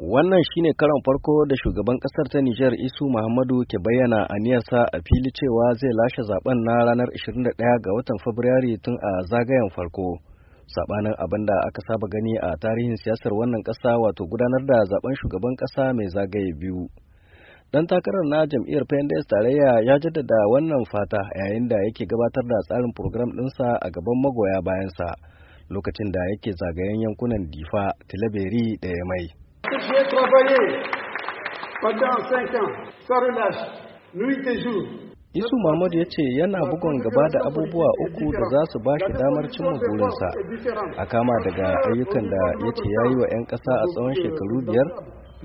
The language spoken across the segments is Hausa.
Wannan shi ne karon farko da shugaban kasar ta Nijar Isu Muhammadu ke bayyana a niyarsa a fili cewa zai lashe zaben na ranar 21 ga watan Fabrairu tun a zagayen farko. Sabanin abin da aka saba gani a tarihin siyasar wannan ƙasa wato gudanar da zaben shugaban ƙasa mai zagaye biyu. Dan takarar na jam'iyyar PNDS tarayya ya jaddada wannan fata yayin da yake gabatar da tsarin program ɗinsa a gaban magoya bayansa lokacin da yake zagayen yankunan Difa, Tilaberi da Yamai. J'ai travaillé pendant 5 ans, sans relâche, nuit et jour. Isu Muhammad ya ce yana bugon gaba da abubuwa uku da za su ba shi damar cimma burinsa a kama daga ayyukan da ya ce ya yi wa 'yan ƙasa a tsawon shekaru biyar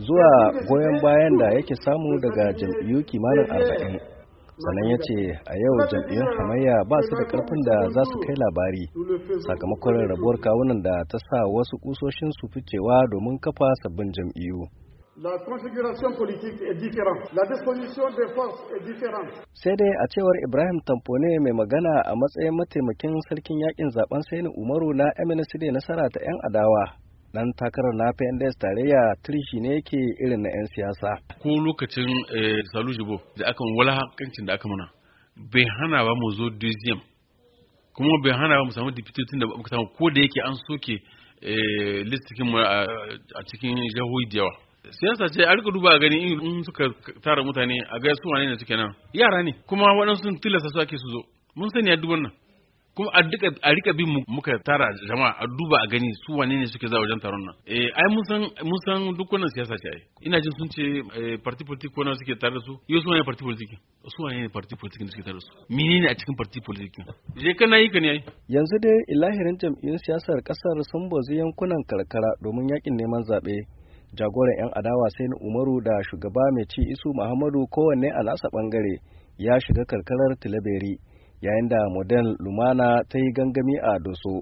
zuwa goyon bayan da yake samu daga jam'iyyu kimanin arba'in. sannan ya ce a yau jam'iyyar hamayya ba su da karfin da za su kai labari sakamakon rabuwar kawunan da ta sa wasu kusoshin su ficewa domin kafa sabbin jam'iyyu La Sai dai a cewar Ibrahim Tampone mai magana a matsayin mataimakin sarkin yakin zaben Sainu Umaru na MNC nasara ta 'yan adawa dan takarar na PNDS tarayya turshi ne yake irin na 'yan siyasa. Ko lokacin eh, Salu Jibo da aka walakancin da aka mana bai hana ba mu zo deuxième kuma bai hana ba mu samu tun da muka samu ko da yake an soke eh, listikin mu a cikin jihohi da yawa. siyasa ce a rika duba a gani in suka tara mutane a ga su wane ne suke nan yara ne kuma waɗansu tilasta su ake su zo mun sani a duban nan kuma a duka a rika bin muka tara jama'a a duba a gani su wane ne suke za wajen taron nan eh ai mun san mun san siyasa ce ina jin sun ce eh, party politic ko na suke tare da su yau su wane party politic su wane ne party politic suke tare da su menene a cikin party politic je kana yi ka ne ai yanzu dai ilahirin jam'iyyar siyasar kasar sun bazu yankunan karkara domin yakin neman zabe jagoran 'yan adawa sai na umaru da shugaba mai ci isu muhammadu kowanne a nasa bangare ya shiga karkarar tilaberi yayin da model lumana ta yi gangami a doso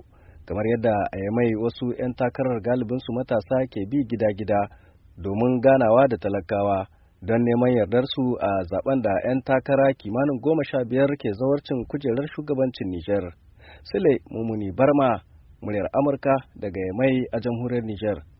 kamar yadda a mai wasu 'yan takarar galibinsu matasa ke bi gida-gida domin ganawa da talakawa don neman yardarsu a zaben da 'yan takara kimanin goma sha biyar ke zawarcin kujerar shugabancin nijar sile mumuni barma muryar amurka daga mai a jamhuriyar nijar